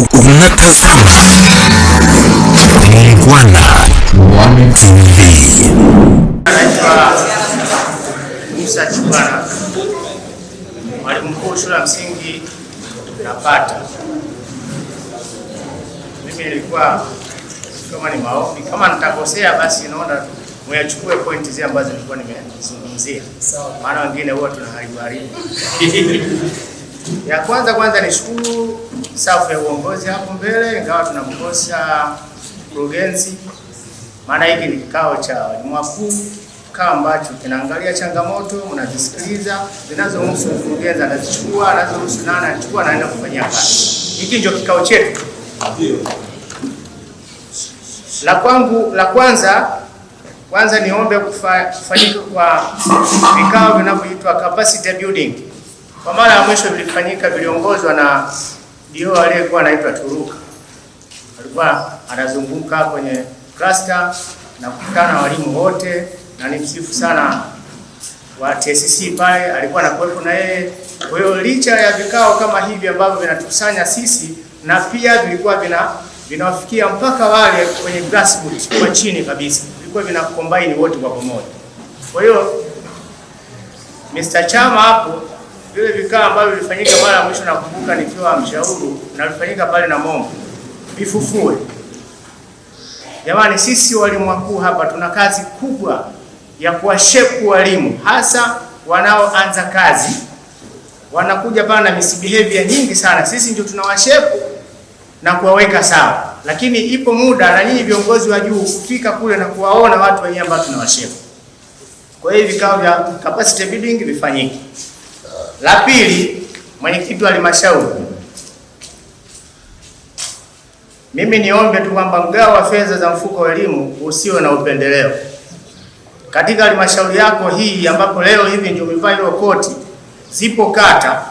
ukumbufu. Muungwana TV. Musa Chubara, mwalimu mkuu shule ya msingi Napata. Mimi nilikuwa kama ni maombi, kama nitakosea basi naona muyachukue point zile ambazo nilikuwa nimezungumzia, maana wengine huwa tunaharibu haribu. ya kwanza kwanza ni shukuru safu ya uongozi hapo mbele, ingawa tunamkosa mkurugenzi. Maana hiki ni kikao cha walimu wakuu, kikao ambacho kinaangalia changamoto, mnazisikiliza, zinazohusu mkurugenzi anazichukua, anazohusu nani anachukua, anaenda kufanyia kazi. Hiki ndio kikao chetu la kwangu la kwanza. Kwanza niombe kufanyika kwa vikao vinavyoitwa capacity building. Kwa mara ya mwisho vilifanyika, viliongozwa na ndio aliyekuwa anaitwa Turuka, alikuwa anazunguka kwenye cluster na kukutana na walimu wote, na ni msifu sana wa TCC pale, alikuwa anakuwepo na yeye. Kwa hiyo licha ya vikao kama hivi ambavyo vinatukusanya sisi, na pia vilikuwa vina vinawafikia mpaka wale kwenye grassroots kwa chini kabisa, vilikuwa vina combine wote kwa pamoja. Kwa hiyo Mr. Chama hapo vile vikao ambavyo vilifanyika mara ya mwisho, nakumbuka nikiwa mshauri na vilifanyika pale na Mombo, vifufue. Jamani, sisi walimu wakuu hapa tuna kazi kubwa ya kuwashepu walimu, hasa wanaoanza kazi, wanakuja pale na misbehavior nyingi sana. Sisi ndio tunawashepu na kuwaweka sawa, lakini ipo muda na nyinyi viongozi wa juu kufika kule na kuwaona watu wenyewe ambao tunawashepu. Kwa hiyo vikao vya capacity building vifanyike. La pili, mwenyekiti wa halmashauri, mimi niombe tu kwamba mgao wa fedha za mfuko wa elimu usiwe na upendeleo katika halmashauri yako hii, ambapo leo hivi Njomivai koti, zipo kata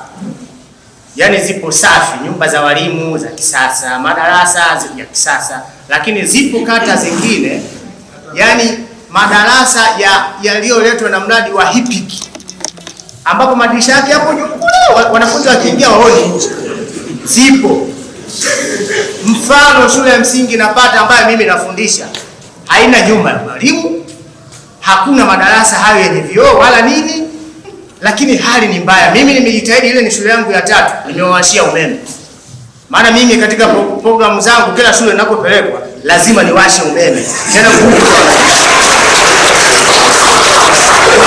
yani zipo safi, nyumba za walimu za kisasa, madarasa ya kisasa, lakini zipo kata zingine yani madarasa yaliyoletwa na mradi wa hipiki ambapo madirisha yake hapo juu kule, wanafunzi wakiingia waone nje. Zipo mfano, shule ya msingi Napata ambayo mimi nafundisha haina jumba la mwalimu, hakuna madarasa hayo yenye vioo wala nini, lakini hali ni mbaya. Mimi nimejitahidi, ile ni shule yangu ya tatu, nimewashia umeme. Maana mimi katika programu zangu kila shule ninapopelekwa lazima niwashe umeme tena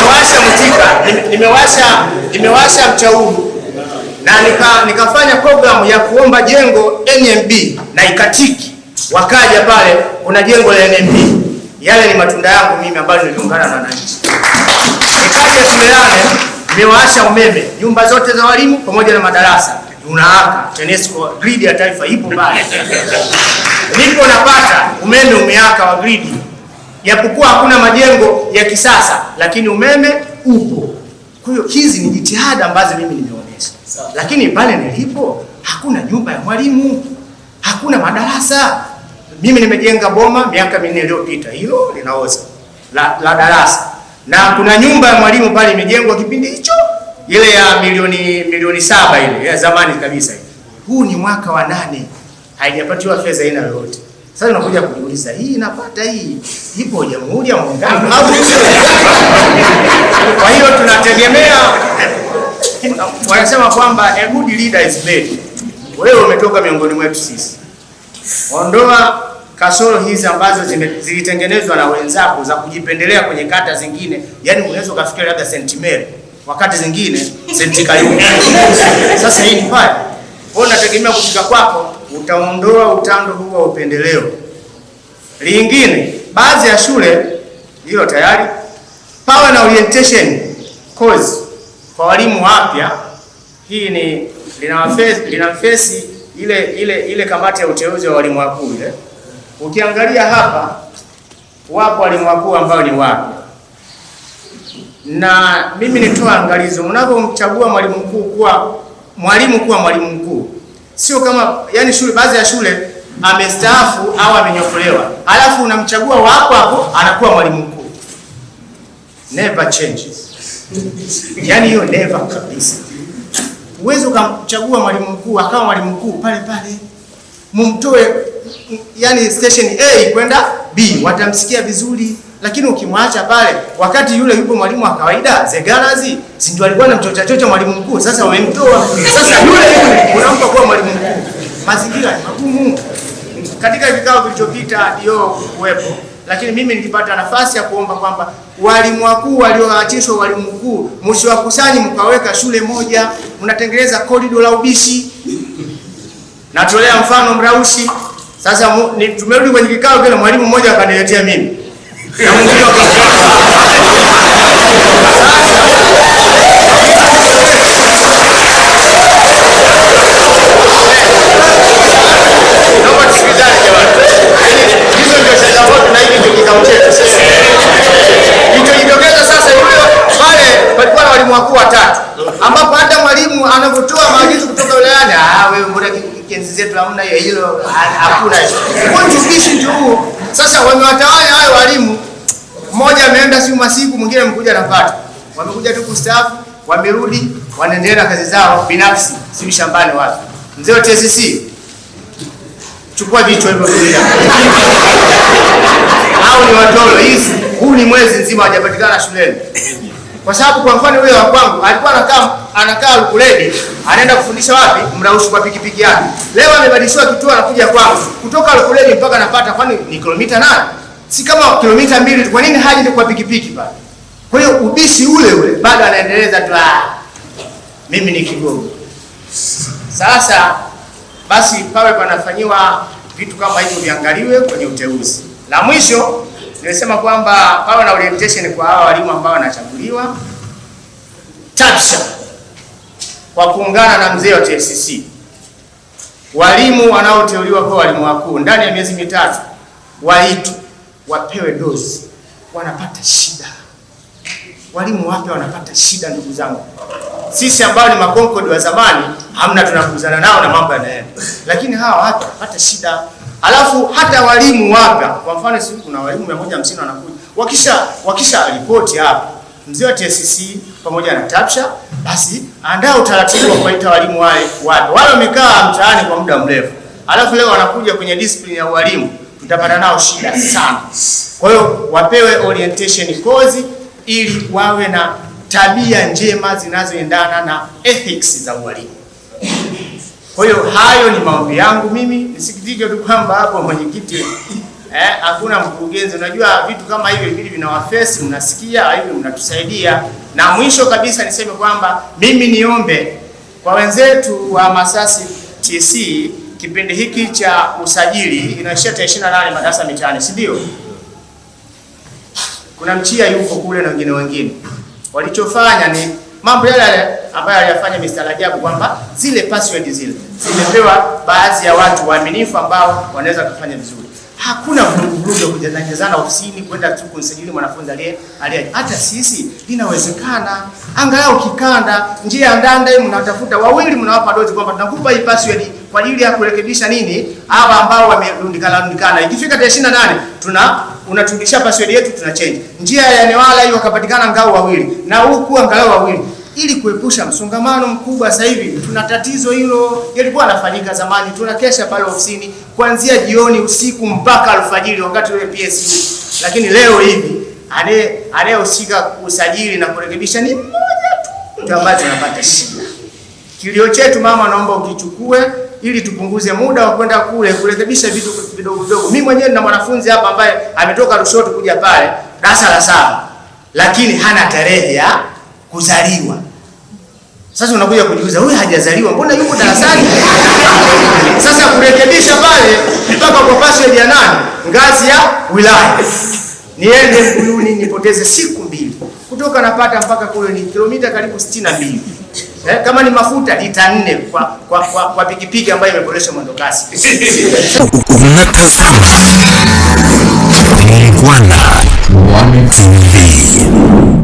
nimewasha mtiba, nimewasha nimewasha mchauru na nika, nikafanya programu ya kuomba jengo NMB na ikatiki, wakaja pale, kuna jengo la NMB. Yale ni matunda yangu mimi ambayo niliungana na wananchi. Nikaja Sumerane, nimewasha umeme nyumba zote za walimu pamoja na madarasa tunaaka TANESCO gridi ya taifa ipo pale, nipo napata umeme umeaka wa gridi Japokuwa hakuna majengo ya kisasa, lakini umeme upo. Kwa hiyo hizi ni jitihada ambazo mimi nimeonyesha, lakini pale nilipo hakuna nyumba ya mwalimu, hakuna madarasa. Mimi nimejenga boma miaka minne iliyopita, hilo linaoza la, la darasa, na kuna nyumba ya mwalimu pale imejengwa kipindi hicho, ile ya milioni milioni saba ile ya zamani kabisa. Huu ni mwaka wa nane, haijapatiwa fedha aina yoyote. Sasa unakuja kujiuliza hii inapata hii ipo Jamhuri ya Muungano au? Kwa hiyo tunategemea wanasema kwamba a good leader is made. Wewe umetoka miongoni mwetu sisi, ondoa kasoro hizi ambazo zilitengenezwa na wenzako za kujipendelea kwenye kata zingine, yaani unaweza ukafikiria labda St. Mary wakati zingine St. Kayuni. Sasa hii ni pale, wewe unategemea kufika kwako utaondoa utando huu wa upendeleo. Lingine, baadhi ya shule hilo tayari pawe na orientation course kwa walimu wapya. Hii ni linafesi ile ile ile kamati ya uteuzi wa walimu wakuu ile. Ukiangalia hapa, wapo walimu wakuu ambao ni wapya, na mimi nitoa angalizo, mnapomchagua mwalimu mkuu kuwa mwalimu kuwa mwalimu mkuu sio kama yani shule, baadhi ya shule amestaafu au amenyokolewa, alafu unamchagua wako hapo, anakuwa mwalimu mkuu. Never changes. Yani hiyo never kabisa. Uwezi ukamchagua mwalimu mkuu akawa mwalimu mkuu pale pale, mumtoe yani station A kwenda B, watamsikia vizuri. Lakini ukimwacha pale, wakati yule yupo mwalimu wa kawaida Zegarazi, si ndio alikuwa anamchocha chocha mwalimu mkuu? Sasa wamemtoa, sasa yule yule unampa kuwa mwalimu mkuu. Mazingira ni magumu. Katika vikao vilivyopita dio kuwepo, lakini mimi nilipata nafasi ya kuomba kwamba walimu wakuu walioachishwa walimu mkuu msiwakusanyi mkaweka shule moja, mnatengeneza korido la ubishi. Natolea mfano Mrausi. Sasa tumerudi kwenye kikao kile, mwalimu mmoja akaniletea mimi やもう。hakuna ndio huo. Sasa wamewatawala hayo walimu, mmoja ameenda siku masiku, mwingine amekuja anapata, wamekuja tu kustaafu, wamerudi wanaendelea na kazi zao binafsi, si shambani wapi. Mzee wa TCC, chukua vichwa hivyo vile au ni watoro hizi, huu ni mwezi nzima hajapatikana shuleni kwa sababu kwa mfano huyo wa kwangu alikuwa anakaa anakaa Lukuledi, anaenda kufundisha wapi? Mrausu kwa pikipiki yake. Leo amebadilishwa kituo, anakuja kwangu kutoka Lukuledi mpaka napata, kwani ni kilomita nane, si kama kilomita mbili? Kwa nini haji kwa pikipiki pale? Kwa hiyo ubisi ule ule bado anaendeleza tu, ah, mimi ni kigogo. Sasa basi, pawe panafanyiwa vitu kama hivyo, viangaliwe kwenye uteuzi. La mwisho Nimesema kwamba pawe na orientation kwa hawa walimu ambao wanachaguliwa TAPSHA kwa kuungana na mzee wa TSC, walimu wanaoteuliwa kwa walimu wakuu ndani ya miezi mitatu waitwe, wapewe dozi. Wanapata shida, walimu wapya wanapata shida. Ndugu zangu, sisi ambao ni makonkodi wa zamani, hamna tunakuzana nao na mambo yanaenda, lakini hawa watu wanapata shida. Alafu hata walimu wapya, kwa mfano sisi kuna walimu 150 wanakuja, wakisha wakisha ripoti hapa, mzee wa TSC pamoja na TAPSHA, basi andaa utaratibu wa kuita walimu wale wapya, wale wamekaa mtaani kwa muda mrefu, alafu leo wanakuja kwenye discipline ya walimu, tutapata nao shida sana. Kwa hiyo wapewe orientation course ili wawe na tabia njema zinazoendana na ethics za ualimu. Kwa hiyo hayo ni maombi yangu mimi, nisikitike tu kwamba hapo mwenyekiti eh, hakuna mkurugenzi. Unajua vitu kama hivyo hivi vinawafesi, mnasikia hivi, mnatusaidia. Na mwisho kabisa niseme kwamba mimi niombe kwa wenzetu wa Masasi TC, kipindi hiki cha usajili inaishia tarehe 28 madarasa mitaani, si ndio? Kuna mchia yuko kule na wengine wengine, walichofanya ni mambo yale ambaye aliyafanya mistarajabu kwamba zile password zile zimepewa baadhi ya watu waaminifu ambao wanaweza kufanya vizuri. Hakuna vurugu kujazana ofisini kwenda tu kumsajili mwanafunzi aliye aliye. Hata sisi inawezekana, angalau kikanda, njia ya ndande, mnatafuta wawili, mnawapa dozi kwamba tunakupa hii password kwa ajili ya kurekebisha nini hawa ambao wamerundikana rundikana. Ikifika tarehe 28 tuna unaturudishia password yetu, tuna change. Njia ya Newala hiyo wakapatikana ngao wawili na huku angalau wawili ili kuepusha msongamano mkubwa. Sasa hivi tuna tatizo hilo, yalikuwa anafanyika zamani, tunakesha pale ofisini kuanzia jioni, usiku mpaka alfajiri, wakati ule PSU. Lakini leo hivi anayehusika usajili na kurekebisha ni mmoja tu, ndio ambaye tunapata shida. Kilio chetu mama, naomba ukichukue ili tupunguze muda wa kwenda kule kurekebisha vitu vidogo vidogo. Mimi mwenyewe nina mwanafunzi hapa ambaye ametoka Lushoto kuja pale darasa la saba, lakini hana tarehe ya kuzaliwa. Sasa unakuja kujiuliza huyu hajazaliwa, mbona yuko darasani? Sasa kurekebisha pale mpaka kwa password ya nani, ngazi ya wilaya, niende Mbuyuni nipoteze siku mbili kutoka napata mpaka kule ni kilomita karibu 62. na mbili. Eh, kama ni mafuta lita nne kwa kwa kwa, kwa pikipiki ambayo imeboresha mwendo kasi. Unatazama Bwana TV.